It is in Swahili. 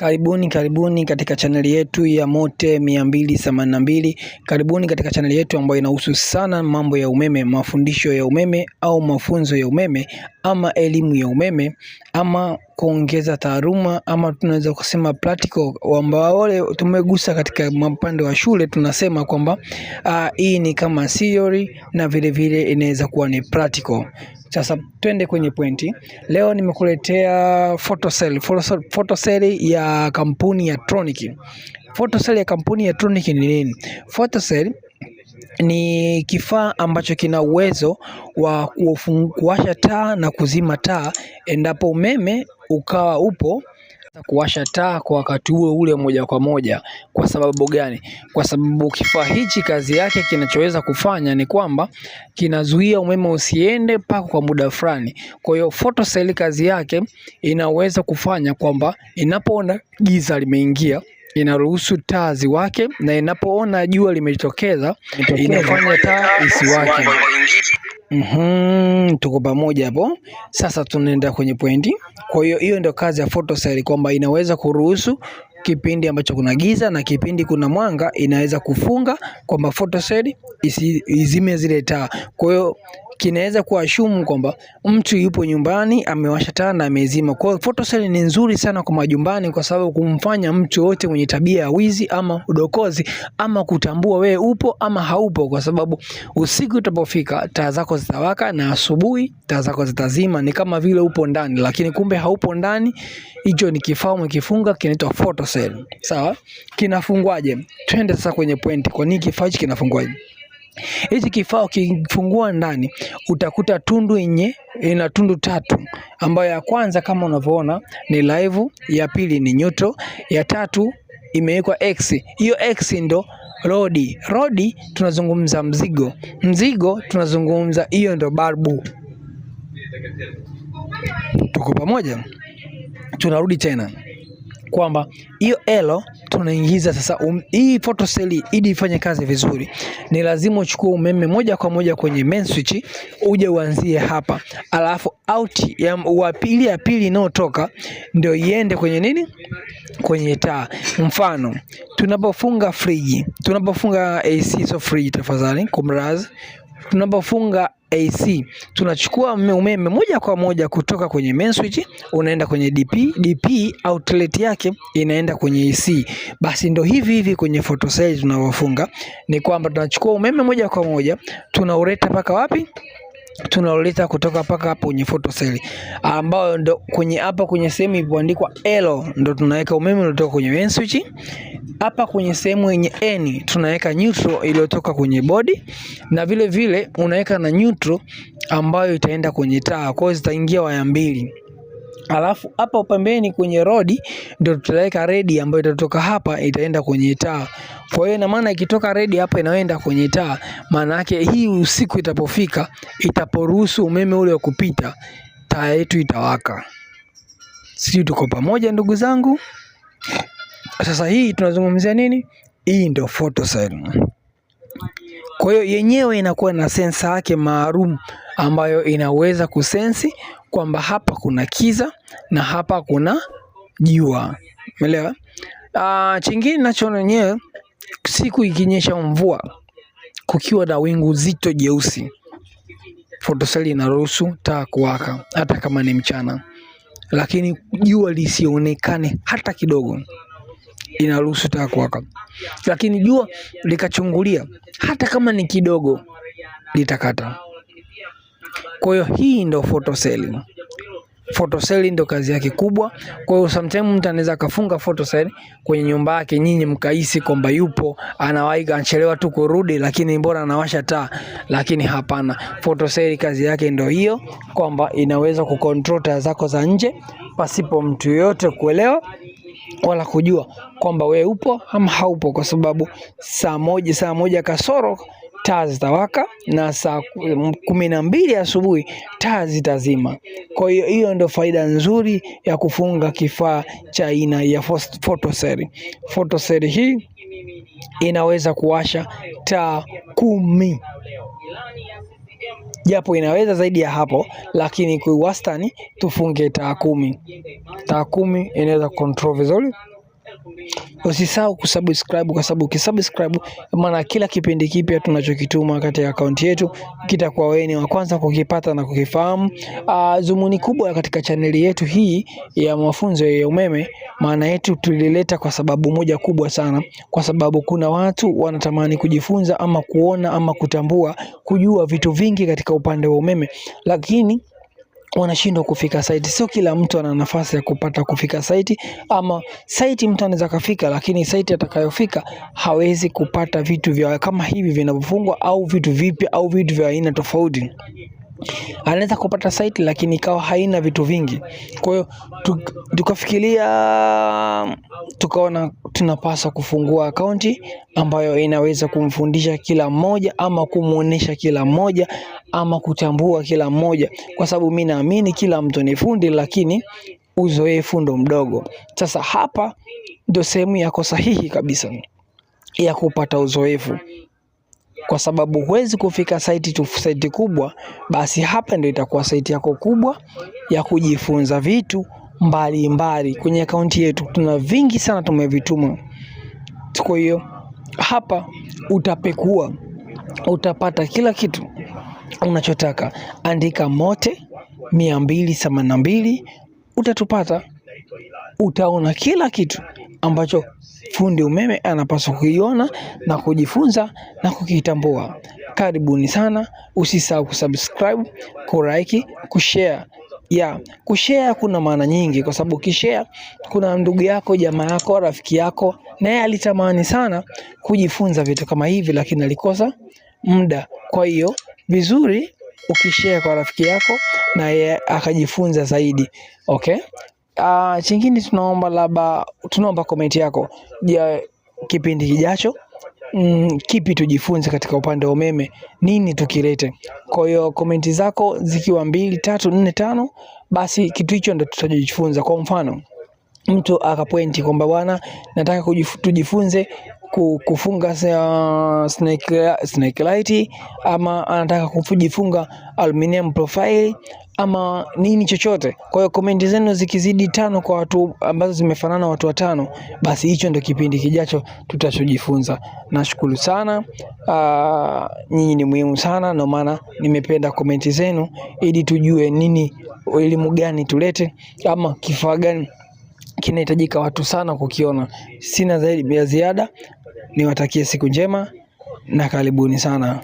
Karibuni karibuni katika chaneli yetu ya Mote 282. Karibuni katika chaneli yetu ambayo inahusu sana mambo ya umeme, mafundisho ya umeme au mafunzo ya umeme ama elimu ya umeme ama kuongeza taaluma ama tunaweza kusema practical ambao wale tumegusa katika upande wa shule, tunasema kwamba ah, hii ni kama theory na vile vile inaweza kuwa ni practical. Sasa twende kwenye pointi. Leo nimekuletea photocell, photocell ya kampuni ya Tronic. Photocell ya kampuni ya Tronic ni nini? Photocell ni kifaa ambacho kina uwezo wa kuwasha taa na kuzima taa endapo umeme ukawa upo kuwasha taa kwa wakati huo ule moja kwa moja. Kwa sababu gani? Kwa sababu kifaa hichi kazi yake kinachoweza kufanya ni kwamba kinazuia umeme usiende paka kwa muda fulani. Kwa hiyo photocell kazi yake inaweza kufanya kwamba inapoona giza limeingia inaruhusu taa ziwake, na inapoona jua limetokeza inafanya taa isiwake. Mm-hmm, tuko pamoja hapo. Sasa tunaenda kwenye pointi. Kwa hiyo hiyo ndio kazi ya photocell kwamba inaweza kuruhusu kipindi ambacho kuna giza na kipindi kuna mwanga, inaweza kufunga kwamba photocell izime zile taa. Kwa hiyo kinaweza kuwa shumu kwamba mtu yupo nyumbani amewasha taa na amezima. Kwa hiyo photocell ni nzuri sana kwa majumbani, kwa sababu kumfanya mtu yoyote mwenye tabia ya wizi ama udokozi ama kutambua wewe upo ama haupo, kwa sababu usiku utapofika taa zako zitawaka na asubuhi taa zako zitazima. Ni kama vile upo ndani, lakini kumbe haupo ndani. Hicho ni kifaa umekifunga, kinaitwa photocell. Sawa, kinafungwaje? Twende sasa kwenye pointi, kwa nini kifaa hichi kinafungwaje? Hichi kifaa ukifungua ndani utakuta tundu yenye ina tundu tatu, ambayo ya kwanza kama unavyoona ni live, ya pili ni neutral, ya tatu imewekwa x. Hiyo x ndo rodi. Rodi tunazungumza mzigo, mzigo tunazungumza hiyo ndo balbu. Tuko pamoja? Tunarudi tena kwamba hiyo elo tunaingiza sasa um, hii photocell ili ifanye kazi vizuri, ni lazima uchukue umeme moja kwa moja kwenye main switch uje uanzie hapa, alafu out ya pili ya pili inayotoka ndio iende kwenye nini, kwenye taa. Mfano tunapofunga friji, tunapofunga AC, so friji tafadhali kumraz tunapofunga AC tunachukua umeme moja kwa moja kutoka kwenye main switch unaenda kwenye DP, DP outlet yake inaenda kwenye AC. Basi ndo hivi hivi kwenye photocell tunavyofunga ni kwamba tunachukua umeme moja kwa moja tunauleta mpaka wapi? Tunauleta kutoka mpaka hapo kwenye photocell, ambayo ndo kwenye hapa kwenye sehemu ilipoandikwa L, ndo tunaweka umeme unatoka kwenye main switch hapa kwenye sehemu yenye N tunaweka neutral iliyotoka kwenye bodi, na vile vile unaweka na neutral ambayo itaenda kwenye taa, kwa hiyo zitaingia waya mbili. Alafu hapa upembeni kwenye rodi ndio tutaweka redi ambayo itatoka hapa itaenda kwenye taa. Kwa hiyo ina maana ikitoka redi hapa inaenda kwenye taa, maana yake hii usiku itapofika, itaporuhusu umeme ule wa kupita, taa yetu itawaka. Sisi tuko pamoja ndugu zangu. Sasa hii tunazungumzia nini? Hii ndio photocell. Kwa hiyo yenyewe inakuwa na sensa yake maalum ambayo inaweza kusensi kwamba hapa kuna kiza na hapa kuna jua. Umeelewa? Ah, chingine nacho yenyewe siku ikinyesha mvua kukiwa na wingu zito jeusi, photocell inaruhusu taa kuwaka hata kama ni mchana, lakini jua lisionekane hata kidogo inaruhusu taa kuwaka, lakini jua likachungulia, hata kama ni kidogo, litakata. Kwa hiyo hii ndio photocell. Photocell ndio kazi yake kubwa. Kwa hiyo sometimes mtu anaweza akafunga photocell kwenye nyumba yake, nyinyi mkahisi kwamba yupo anawahi, anachelewa tu kurudi, lakini mbona anawasha taa. Lakini hapana, photocell kazi yake ndio hiyo, kwamba inaweza kucontrol taa zako za nje pasipo mtu yoyote kuelewa wala kujua kwamba wewe upo ama haupo, kwa sababu saa moja, saa moja kasoro taa zitawaka na saa mm, kumi na mbili asubuhi taa zitazima. Kwa hiyo hiyo ndio faida nzuri ya kufunga kifaa cha aina ya photocell. Photocell hii inaweza kuwasha taa kumi japo inaweza zaidi ya hapo, lakini kwa wastani tufunge taa kumi. Taa kumi inaweza control vizuri Usisahau kusubscribe kwa sababu ukisubscribe, maana kila kipindi kipya tunachokituma wakati ya akaunti yetu kitakuwa wewe ni wa kwanza kukipata na kukifahamu. Uh, ah, zumuni kubwa katika chaneli yetu hii ya mafunzo ya umeme, maana yetu tulileta kwa sababu moja kubwa sana, kwa sababu kuna watu wanatamani kujifunza ama kuona ama kutambua kujua vitu vingi katika upande wa umeme lakini wanashindwa kufika site. Sio kila mtu ana nafasi ya kupata kufika site, ama site mtu anaweza kafika, lakini site atakayofika hawezi kupata vitu vya kama hivi vinavyofungwa au vitu vipya au vitu vya aina tofauti anaweza kupata site lakini ikawa haina vitu vingi. Kwa hiyo tukafikiria, tukaona tunapaswa kufungua akaunti ambayo inaweza kumfundisha kila mmoja ama kumwonyesha kila mmoja ama kutambua kila mmoja, kwa sababu mi naamini kila mtu ni fundi, lakini uzoefu ndo mdogo. Sasa hapa ndio sehemu yako sahihi kabisa ya kupata uzoefu kwa sababu huwezi kufika site tu site kubwa, basi hapa ndio itakuwa site yako kubwa ya kujifunza vitu mbalimbali mbali. Kwenye akaunti yetu tuna vingi sana tumevituma, kwa hiyo hapa utapekua, utapata kila kitu unachotaka. Andika Mote mia mbili mbili utatupata, utaona kila kitu ambacho fundi umeme anapaswa kuiona na kujifunza na kukitambua. Karibuni sana, usisahau kusubscribe, kuraiki, kushare ya kushare kuna maana nyingi, kwa sababu ukishare, kuna ndugu yako, jamaa yako, rafiki yako, na yeye alitamani sana kujifunza vitu kama hivi, lakini alikosa muda. Kwa hiyo vizuri ukishare kwa rafiki yako, na yeye akajifunza zaidi. Okay, Uh, chingine tunaomba labda, tunaomba komenti yako. ya kipindi kijacho Mm, kipi tujifunze katika upande wa umeme, nini tukilete? Kwa hiyo komenti zako zikiwa mbili, tatu, nne, tano, basi kitu hicho ndo tutajifunza. Kwa mfano mtu akapointi kwamba bwana, nataka tujifunze kufunga snake, snake light ama anataka kujifunga aluminium profile ama nini chochote. Kwa hiyo komenti zenu zikizidi tano kwa watu ambazo zimefanana watu watano, basi hicho ndio kipindi kijacho tutachojifunza. Nashukuru sana, ah, nyinyi ni muhimu sana, ndio maana nimependa komenti zenu, ili tujue nini, elimu gani tulete ama kifaa gani kinahitajika watu sana kukiona. Sina zaidi ya ziada, niwatakie siku njema na karibuni sana.